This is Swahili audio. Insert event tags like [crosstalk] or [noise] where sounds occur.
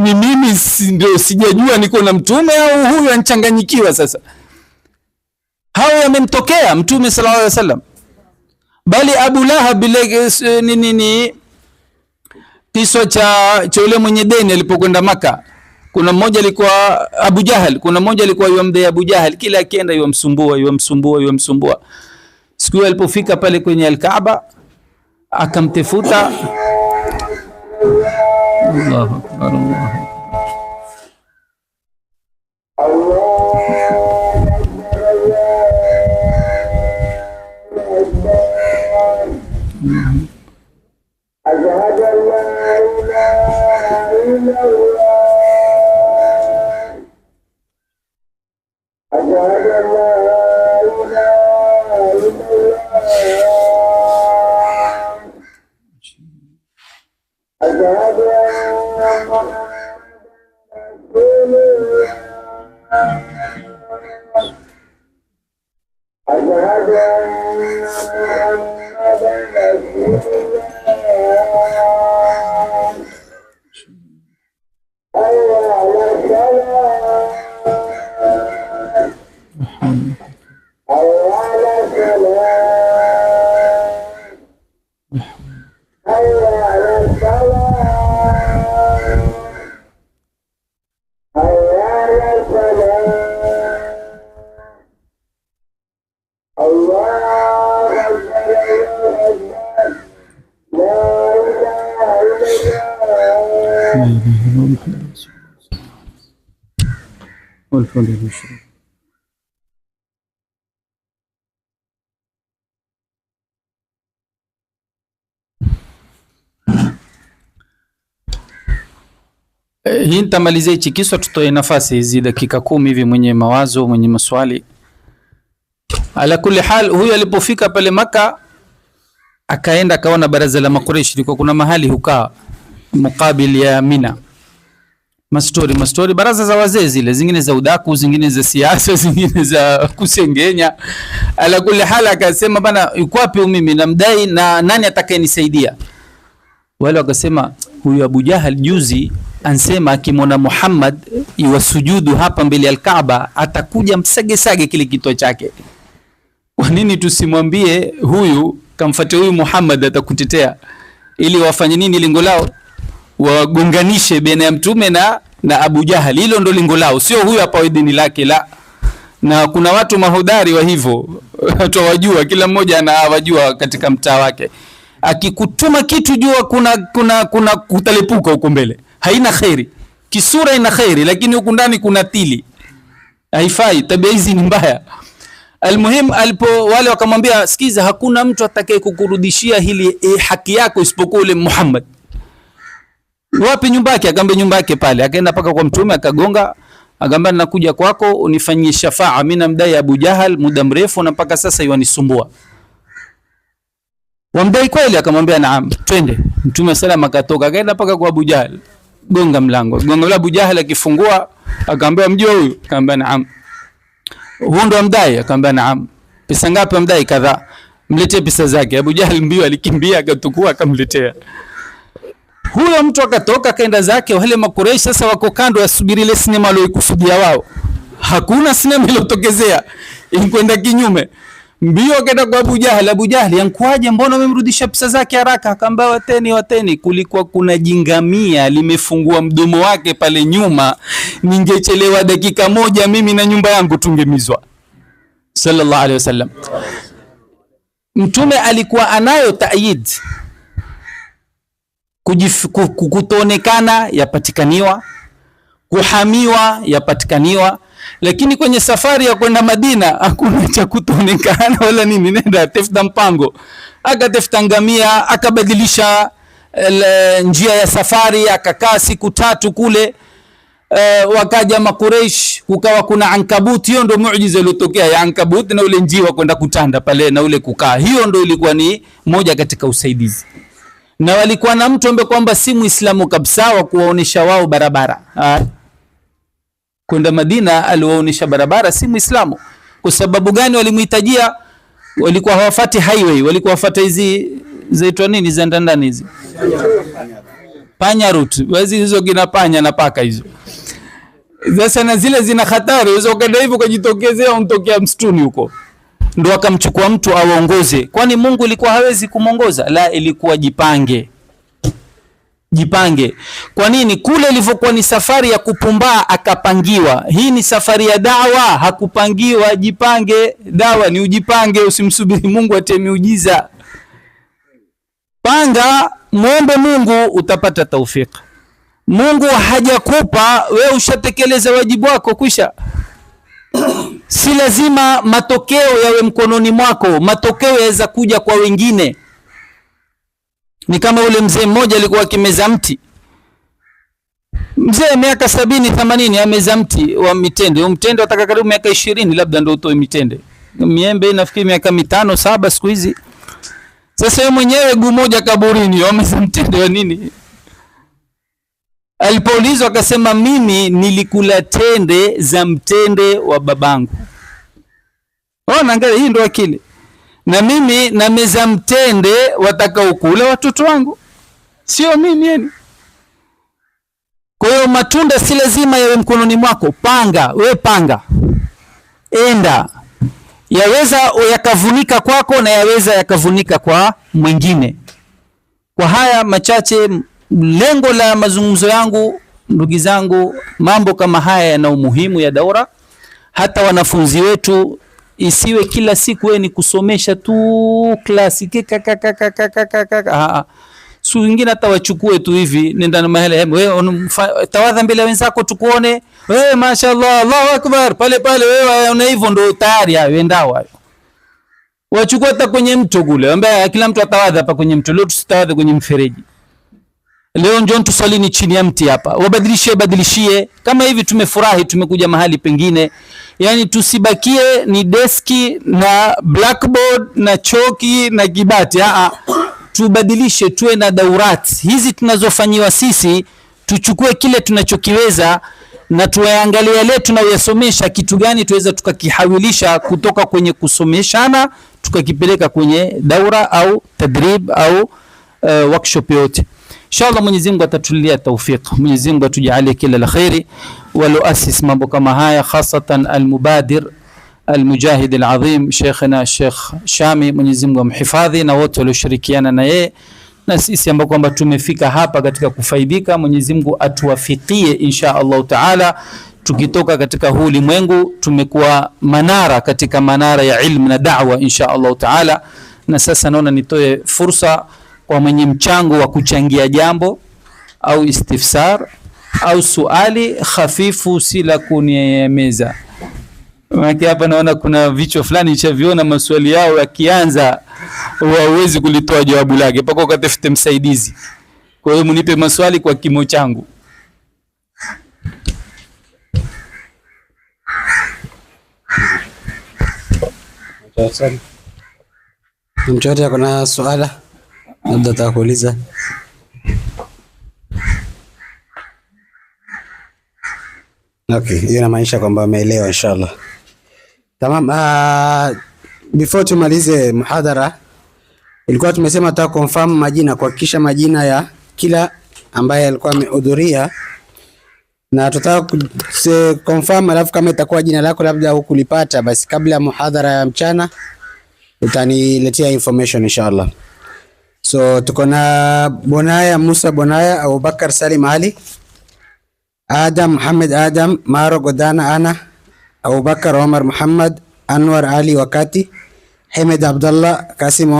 ni mimi ndio sijajua niko na mtume au huyu anchanganyikiwa? Sasa hayo yamemtokea Mtume sallallahu alaihi wasallam. Bali Abu Lahab ni eh, eh, nini, kiswa cha cha yule mwenye deni alipokwenda Maka, kuna mmoja alikuwa Abu Jahal, kuna mmoja alikuwa yuamdai Abu Jahal, kila akienda msumbua yuamsumbua msumbua Siku hiyo alipofika pale kwenye Alkaaba akamtefuta الله أكبر الله أكبر Allah Eh, hii nitamalizia hichi kiswa, tutoe nafasi hizi dakika kumi hivi, mwenye mawazo, mwenye maswali. Ala kulli hal, huyu alipofika pale Maka akaenda akaona baraza la Makureshi, liko kuna mahali hukaa mukabili ya Mina mastori mastori, baraza za wazee zile, zingine za udaku, zingine za siasa, [laughs] zingine za kusengenya. Ala kuli hali, akasema bana, yuko wapi mimi namdai na nani atakayenisaidia? Wale wakasema huyu Abu Jahal juzi ansema akimwona Muhammad iwasujudu hapa mbele ya Kaaba atakuja msagesage kile kitu chake. Kwa nini tusimwambie huyu, kamfuate huyu Muhammad atakutetea, ili wafanye nini lengo lao? wagonganishe baina ya mtume na, na Abu Jahal. Hilo ndo lengo lao, sio huyu hapa dini lake la na kuna watu mahodari wa hivyo [laughs] twawajua, kila mmoja anawajua katika mtaa wake. Akikutuma kitu jua kuna kuna kuna kutalipuka huko mbele, haina khairi. Kisura ina khairi, lakini huku ndani kuna tili, haifai. Tabia hizi ni mbaya. Almuhim, alipo wale wakamwambia, sikiza, hakuna mtu atakaye kukurudishia hili eh, haki yako isipokuwa ule Muhammad wapi nyumba yake? Akaambia nyumba yake pale. Akaenda paka kwa mtume akagonga, akaambia nakuja kwako unifanyie shafaa, mimi namdai Abu Jahal muda mrefu na mpaka sasa yuanisumbua. Wamdai kweli? Akamwambia naam, twende. Mtume salama akatoka, akaenda paka kwa Abu Jahal, gonga mlango, gonga la Abu Jahal. Akifungua akamwambia mjua huyu, akamwambia naam. Huyu ndo amdai? akamwambia naam. Pesa ngapi amdai? Kadhaa. Mletee pesa zake. Abu Jahal mbio alikimbia, akatukua akamletea kila mtu akatoka kaenda zake. Wale Makureishi sasa wako kando, wasubiri ile sinema walioikusudia wao. Hakuna sinema iliyotokezea inkwenda kinyume. Mbio akaenda kwa Abu Jahal. Abu Jahal, yankuaje? Mbona umemrudisha pesa zake haraka? Akamba, wateni, wateni. Kulikuwa kuna jingamia limefungua mdomo wake pale nyuma, ningechelewa dakika moja mimi na nyumba yangu tungemizwa. Sallallahu alaihi wasallam, Mtume alikuwa anayo taayid kutoonekana yapatikaniwa, kuhamiwa yapatikaniwa. Lakini kwenye safari ya kwenda Madina hakuna cha kutoonekana [laughs] wala nini, nenda tafuta mpango. Akatafuta ngamia, akabadilisha eh, njia ya safari, akakaa siku tatu kule. E, wakaja Makureish, kukawa kuna ankabut. Hiyo ndio muujiza iliyotokea ya ankabut na ule njiwa kwenda kutanda pale na ule kukaa. Hiyo ndio ilikuwa ni moja katika usaidizi na walikuwa na mtu ambaye kwamba si Muislamu kabisa, wa kuwaonesha wao barabara ah, kwenda Madina. Aliwaonesha barabara, si Muislamu. Kwa sababu gani? Walimhitajia, walikuwa hawafati highway, walikuwa hawafati hizi zaitwa nini za ndani hizi panya route, wazi hizo kina panya na paka hizo. Sasa na zile zina hatari, unaweza ukaenda hivyo ukajitokezea, untokea msituni huko ndo akamchukua mtu awaongoze. Kwani Mungu ilikuwa hawezi kumwongoza? La, ilikuwa jipange, jipange. Kwa nini? Kule ilivyokuwa ni safari ya kupumbaa akapangiwa. Hii ni safari ya dawa, hakupangiwa. Jipange, dawa ni ujipange, usimsubiri Mungu atie miujiza. Panga, muombe Mungu, utapata taufiki. Mungu hajakupa wewe, ushatekeleza wajibu wako kwisha Si lazima matokeo yawe mkononi mwako, matokeo yaweza kuja kwa wengine. Ni kama ule mzee mmoja alikuwa akimeza mti, mzee miaka sabini themanini, ameza mti wa mitende. Mtende ataka karibu miaka ishirini labda ndio utoe mitende. Miembe nafikiri miaka mitano saba siku hizi. Sasa yeye mwenyewe guu moja kaburini, ameza mtende wa nini? Alipoulizwa akasema, mimi nilikula tende za mtende wa babangu. Ona, angalia, hii ndo akili. Na mimi nameza mtende watakaokula watoto wangu, sio mimi yani. Kwa hiyo matunda si lazima yawe mkononi mwako. Panga we, panga enda, yaweza yakavunika kwako na yaweza yakavunika kwa mwingine. Kwa haya machache Lengo la mazungumzo yangu, ndugu zangu, mambo kama haya yana umuhimu ya daura. Hata wanafunzi wetu isiwe kila siku wewe ni kusomesha tu klasi kaka kaka kaka kaka. Ah, su wengine hata wachukue tu hivi, nenda na mahali wewe, tawadha mbele wenzako tukuone wewe, mashaallah, Allahu akbar, pale pale wewe una hivyo, ndo tayari hayo endao hayo wachukua hata kwenye mto kule, ambaye kila mtu atawadha hapa kwenye mto. Leo tusitawadhe kwenye mfereji. Leo njoo tusalini chini ya mti hapa, wabadilishie badilishie. Kama hivi tumefurahi, tumekuja mahali pengine. Yani tusibakie ni deski na blackboard na choki na kibati. Aa, tubadilishe, tuwe na daurat hizi tunazofanyiwa sisi, tuchukue kile tunachokiweza na tuyaangalia yale tunayosomesha, kitu gani tuweza tukakihawilisha kutoka kwenye kusomeshana tukakipeleka kwenye daura au tadrib au uh, workshop yote Inshallah Mwenyezi Mungu atatulia taufiki. Mwenyezi Mungu atujalie kila la khairi, walioasis mambo kama haya hasatan almubadir almujahid alazim Sheikhna Sheikh Shami, Mwenyezi Mungu amhifadhi na wote walioshirikiana na yeye na sisi ambao kwamba tumefika hapa katika kufaidika. Mwenyezi Mungu atuwafikie insha Allah taala tukitoka katika huu ulimwengu tumekuwa manara katika manara ya ilmu na da'wa insha Allah taala. Na sasa naona nitoe fursa kwa mwenye mchango wa kuchangia jambo au istifsar au suali hafifu, si la kunieemeza. Maana hapa naona kuna vichwa fulani chaviona maswali yao yakianza, wawezi kulitoa jawabu lake mpaka ukatafute msaidizi. Kwa hiyo mnipe maswali kwa kimo changu. Mchote, kuna suala labda atakuuliza Okay, hiyo inamaanisha kwamba umeelewa inshallah. Tamam, uh, before tumalize mhadhara ilikuwa tumesema tuta confirm majina, kuhakikisha majina ya kila ambaye alikuwa amehudhuria na tutataka ku confirm, alafu kama itakuwa jina lako labda hukulipata, basi kabla ya mhadhara ya mchana utaniletea information inshallah. So tuko na Bonaya Musa Bonaya, Abubakar Salim Ali, Adam Muhammad Adam, Maro Godana Ana, Abubakar Omar Muhammad, Anwar Ali Wakati, Hamed Abdallah Kasim